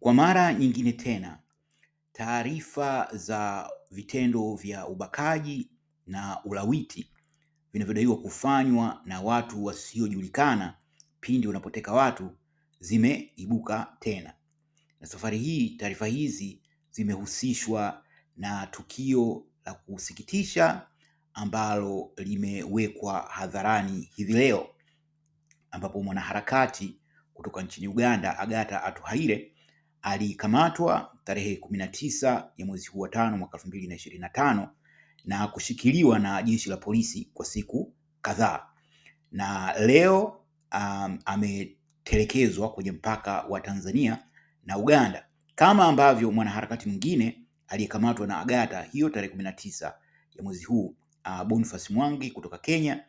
Kwa mara nyingine tena, taarifa za vitendo vya ubakaji na ulawiti vinavyodaiwa kufanywa na watu wasiojulikana pindi wanapoteka watu zimeibuka tena, na safari hii taarifa hizi zimehusishwa na tukio la kusikitisha ambalo limewekwa hadharani hivi leo, ambapo mwanaharakati kutoka nchini Uganda agata Atuhaire alikamatwa tarehe kumi na tisa ya mwezi huu wa tano mwaka elfu mbili na ishirini na tano na kushikiliwa na jeshi la polisi kwa siku kadhaa na leo um, ametelekezwa kwenye mpaka wa Tanzania na Uganda kama ambavyo mwanaharakati mwingine aliyekamatwa na Agata hiyo tarehe kumi na tisa ya mwezi huu uh, Boniface Mwangi kutoka Kenya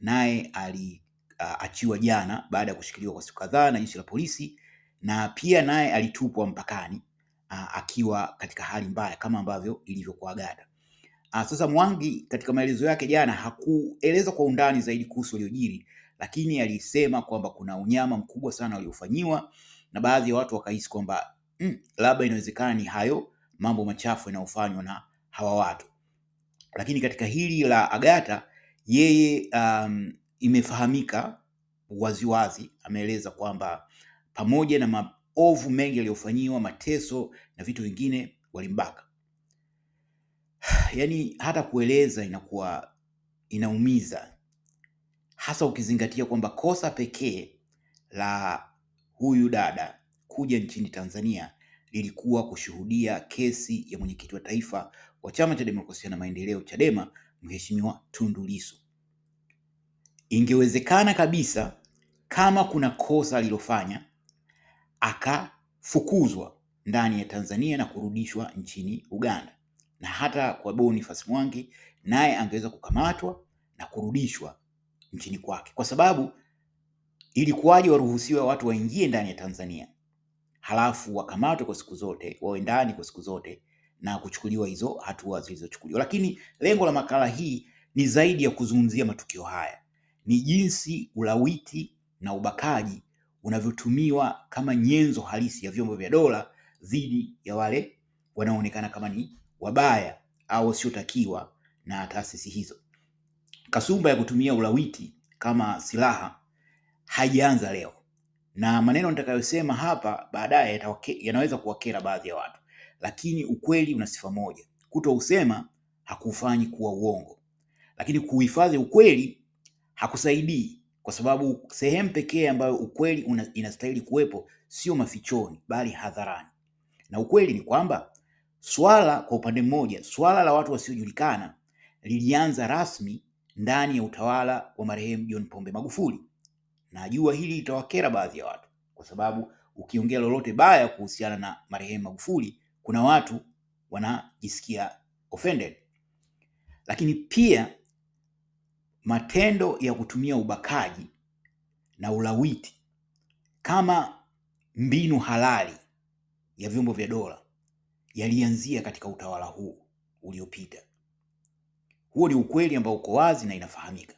naye aliachiwa uh, jana baada ya kushikiliwa kwa siku kadhaa na jeshi la polisi na pia naye alitupwa mpakani uh, akiwa katika hali mbaya kama ambavyo ilivyokuwa Gada. Uh, sasa Mwangi katika maelezo yake jana hakueleza kwa undani zaidi kuhusu waliojiri, lakini alisema kwamba kuna unyama mkubwa sana waliofanyiwa na baadhi ya watu wakahisi kwamba mm, labda inawezekana ni hayo mambo machafu yanayofanywa na hawa watu. Lakini katika hili la Agata yeye um, imefahamika waziwazi ameeleza kwamba pamoja na maovu mengi aliyofanyiwa, mateso na vitu vingine walimbaka. Yaani hata kueleza inakuwa inaumiza, hasa ukizingatia kwamba kosa pekee la huyu dada kuja nchini Tanzania lilikuwa kushuhudia kesi ya mwenyekiti wa taifa wa Chama cha Demokrasia na Maendeleo, Chadema, Mheshimiwa Tundu Lissu. Ingewezekana kabisa kama kuna kosa alilofanya akafukuzwa ndani ya Tanzania na kurudishwa nchini Uganda, na hata kwa Boniface Mwangi naye angeweza kukamatwa na kurudishwa nchini kwake, kwa sababu ilikuwaje waruhusiwe watu waingie ndani ya Tanzania halafu wakamatwe kwa siku zote, wawe ndani kwa siku zote na kuchukuliwa hizo hatua zilizochukuliwa. Lakini lengo la makala hii ni zaidi ya kuzungumzia matukio haya, ni jinsi ulawiti na ubakaji unavyotumiwa kama nyenzo halisi ya vyombo vya dola dhidi ya wale wanaoonekana kama ni wabaya au wasiotakiwa na taasisi hizo. Kasumba ya kutumia ulawiti kama silaha haijaanza leo, na maneno nitakayosema hapa baadaye yanaweza kuwakera baadhi ya watu, lakini ukweli una sifa moja: kuto usema hakufanyi kuwa uongo, lakini kuhifadhi ukweli hakusaidii kwa sababu sehemu pekee ambayo ukweli una, inastahili kuwepo sio mafichoni bali hadharani. Na ukweli ni kwamba swala kwa upande mmoja, swala la watu wasiojulikana lilianza rasmi ndani ya utawala wa marehemu John Pombe Magufuli. Najua hili litawakera baadhi ya watu, kwa sababu ukiongea lolote baya kuhusiana na marehemu Magufuli, kuna watu wanajisikia offended, lakini pia matendo ya kutumia ubakaji na ulawiti kama mbinu halali ya vyombo vya dola yalianzia katika utawala huu uliopita. Huo ni ukweli ambao uko wazi na inafahamika,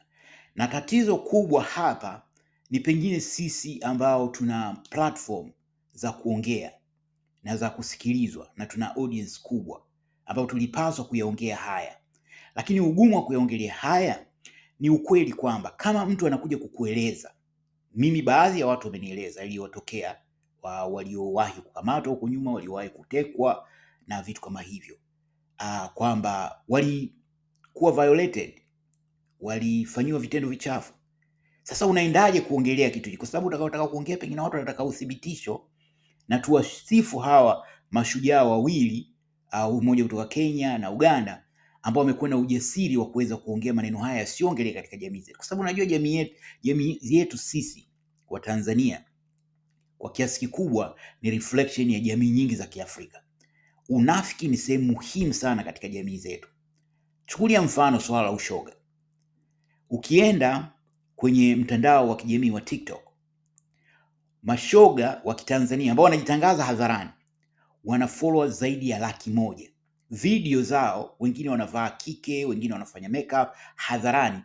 na tatizo kubwa hapa ni pengine sisi ambao tuna platform za kuongea na za kusikilizwa na tuna audience kubwa ambao tulipaswa kuyaongea haya, lakini ugumu wa kuyaongelea haya ni ukweli kwamba kama mtu anakuja kukueleza, mimi baadhi ya watu wamenieleza iliyotokea wa waliowahi kukamatwa huko nyuma, waliowahi kutekwa na vitu kama hivyo ah, kwamba walikuwa violated, walifanyiwa vitendo vichafu. Sasa unaendaje kuongelea kitu hiki? Kwa sababu utakaotaka kuongea pengine watu wanataka uthibitisho, na tuwasifu hawa mashujaa wawili au ah, mmoja kutoka Kenya na Uganda ambao wamekuwa na ujasiri wa kuweza kuongea maneno haya yasiongelea katika jamii zetu, kwa sababu unajua jamii yetu, jamii yetu sisi wa Tanzania kwa kiasi kikubwa ni reflection ya jamii nyingi za Kiafrika. Unafiki ni sehemu muhimu sana katika jamii zetu. Chukulia mfano swala la ushoga. Ukienda kwenye mtandao wa kijamii wa TikTok, mashoga wa Kitanzania ambao wanajitangaza hadharani wana followers zaidi ya laki moja video zao, wengine wanavaa kike, wengine wanafanya makeup hadharani,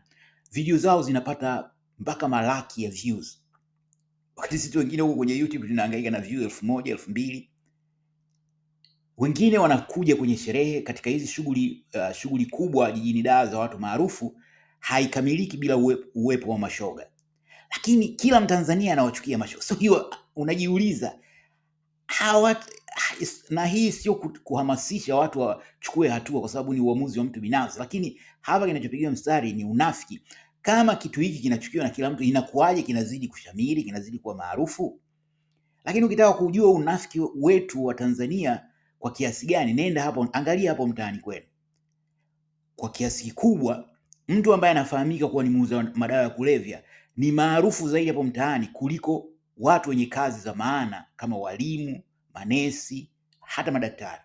video zao zinapata mpaka malaki ya views, wakati sisi wengine huko kwenye YouTube tunahangaika na views elfu moja elfu mbili Wengine wanakuja kwenye sherehe katika hizi shughuli uh, shughuli kubwa jijini Dar za watu maarufu haikamiliki bila uwepo, uwepo wa mashoga, lakini kila Mtanzania anawachukia mashoga. So hiyo unajiuliza hawa na hii sio kuhamasisha watu wachukue hatua, kwa sababu ni uamuzi wa mtu binafsi, lakini hapa kinachopigiwa mstari ni unafiki. Kama kitu hiki kinachukiwa na kila mtu, inakuwaje kinazidi kushamiri, kinazidi kuwa maarufu? Lakini ukitaka kujua unafiki wetu wa Tanzania kwa kiasi gani, nenda hapo, angalia hapo mtaani kwenu. Kwa kiasi kikubwa, mtu ambaye anafahamika kuwa ni muuza madawa ya kulevya ni maarufu zaidi hapo mtaani kuliko watu wenye kazi za maana kama walimu manesi, hata madaktari.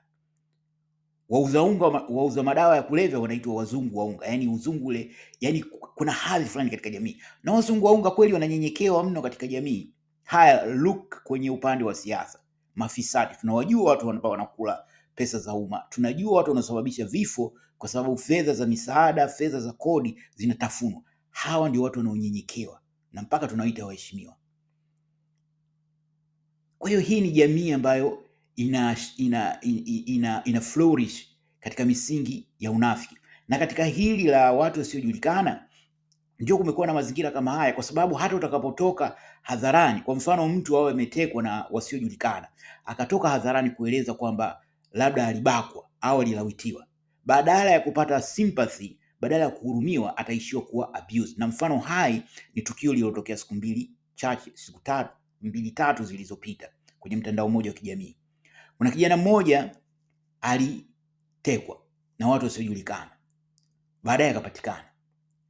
Wauza unga, wauza madawa ya kulevya wanaitwa wazungu wa unga, yani uzungu ule, yani kuna hali fulani katika jamii, na wazungu wa unga kweli wananyenyekewa mno katika jamii. Haya, look kwenye upande wa siasa, mafisadi tunawajua, watu wanapa wanakula pesa za umma, tunajua watu wanasababisha vifo kwa sababu fedha za misaada, fedha za kodi zinatafunwa. Hawa ndio watu wanaonyenyekewa na mpaka tunawaita waheshimiwa. Kwa hiyo hii ni jamii ambayo ina, ina, ina, ina flourish katika misingi ya unafiki, na katika hili la watu wasiojulikana ndio kumekuwa na mazingira kama haya, kwa sababu hata utakapotoka hadharani, kwa mfano mtu awe ametekwa na wasiojulikana, akatoka hadharani kueleza kwamba labda alibakwa au alilawitiwa, badala ya kupata sympathy, badala ya kuhurumiwa, ataishiwa kuwa abuse. Na mfano hai ni tukio lililotokea siku mbili chache, siku tatu mbili tatu zilizopita kwenye mtandao mmoja wa kijamii. Kuna kijana mmoja alitekwa na watu wasiojulikana, baadaye akapatikana.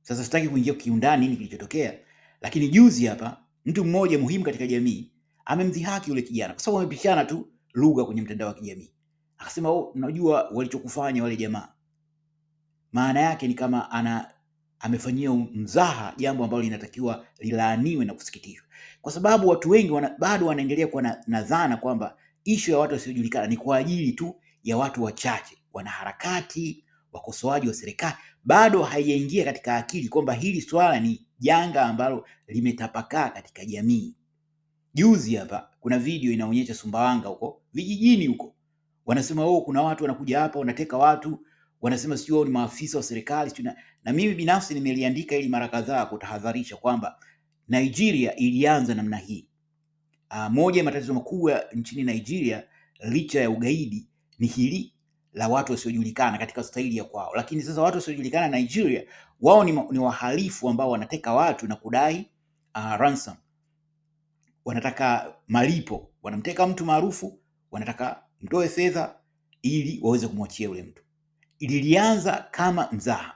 Sasa sitaki kuingia kiundani nini kilichotokea, lakini juzi hapa mtu mmoja muhimu katika jamii amemdhihaki yule kijana kwa sababu wamepishana tu lugha kwenye mtandao wa kijamii. Akasema, oh, unajua walichokufanya wale jamaa, maana yake ni kama ana amefanyia mzaha jambo ambalo linatakiwa lilaaniwe na kusikitishwa, kwa sababu watu wengi wana, bado wanaendelea kuwa na, dhana kwamba ishu ya watu wasiojulikana ni kwa ajili tu ya watu wachache, wanaharakati, wakosoaji wa serikali. Bado haijaingia katika akili kwamba hili swala ni janga ambalo limetapakaa katika jamii. Juzi hapa kuna video inaonyesha Sumbawanga huko vijijini huko, wanasema oh, kuna watu wanakuja hapa wanateka watu wanasema sio ni maafisa wa serikali sio. Na mimi binafsi nimeliandika ili mara kadhaa kutahadharisha kwamba Nigeria ilianza namna hii. Uh, moja ya matatizo makubwa nchini Nigeria licha ya ugaidi ni hili la watu wasiojulikana katika staili ya kwao. Lakini sasa watu wasiojulikana Nigeria, wao ni, ni wahalifu ambao wanateka watu na kudai uh, ransom. Wanataka malipo, wanamteka mtu maarufu, wanataka mtoe fedha ili waweze kumwachia yule mtu lilianza kama mzaha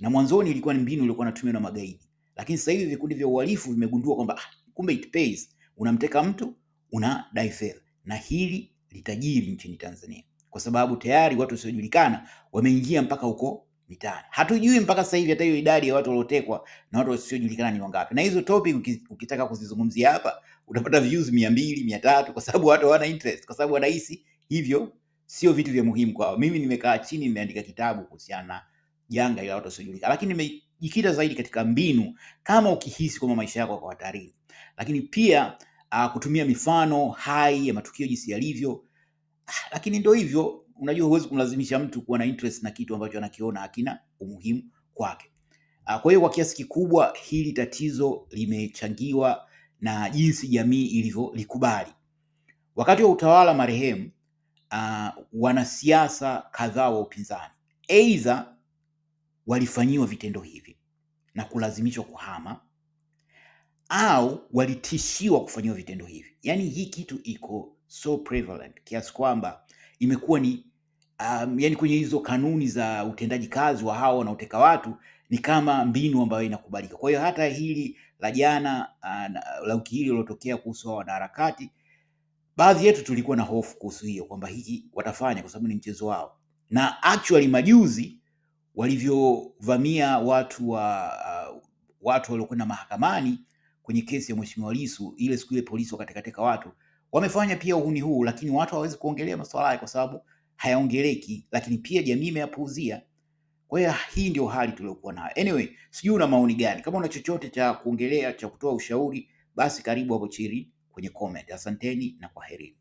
na mwanzoni ilikuwa ni mbinu iliyokuwa inatumiwa na magaidi, lakini sasa hivi vikundi vya uhalifu vimegundua kwamba ah, kumbe it pays. Unamteka mtu unadai fedha, na hili litajiri nchini Tanzania kwa sababu tayari watu wasiojulikana wameingia mpaka huko mitaani. Hatujui mpaka sasa hivi hata hiyo idadi ya watu waliotekwa na watu wasiojulikana ni wangapi, na hizo topic ukitaka kuzizungumzia hapa utapata views mia mbili mia tatu kwa sababu watu hawana interest, kwa sababu wanahisi hivyo sio vitu vya muhimu kwao. Mimi nimekaa chini, nimeandika kitabu kuhusiana na janga la watu wasiojulikana, lakini nimejikita zaidi katika mbinu kama ukihisi kwamba maisha yako yako hatarini, lakini pia uh, kutumia mifano hai ya matukio jinsi yalivyo. Ah, lakini ndio hivyo, unajua huwezi kumlazimisha mtu kuwa na interest na kitu ambacho anakiona hakina umuhimu kwake. Uh, kwa hiyo kwa kiasi kikubwa hili tatizo limechangiwa na jinsi jamii ilivyolikubali. Wakati wa utawala marehemu uh, wanasiasa kadhaa wa upinzani aidha walifanyiwa vitendo hivi na kulazimishwa kuhama au walitishiwa kufanyiwa vitendo hivi. Yaani hii kitu iko so prevalent kiasi kwamba imekuwa ni um, yani kwenye hizo kanuni za utendaji kazi wa hao wanaoteka watu ni kama mbinu ambayo inakubalika. Kwa hiyo hata hili la jana uh, la wiki hili lilotokea kuhusu hao wanaharakati baadhi yetu tulikuwa na hofu kuhusu hiyo kwamba hiki watafanya kwa sababu ni mchezo wao, na actually majuzi walivyovamia watu wa uh, watu waliokwenda mahakamani kwenye kesi ya mheshimiwa Lissu, ile siku ile polisi wakatekateka watu, wamefanya pia uhuni huu, lakini watu hawawezi kuongelea masuala haya kwa sababu hayaongeleki, lakini pia jamii imeyapuuzia. Kwa hiyo hii ndio hali tuliyokuwa nayo. Anyway, sijui una maoni gani? Kama una chochote cha kuongelea cha kutoa ushauri, basi karibu hapo chini kwenye comment. Asanteni na kwaherini.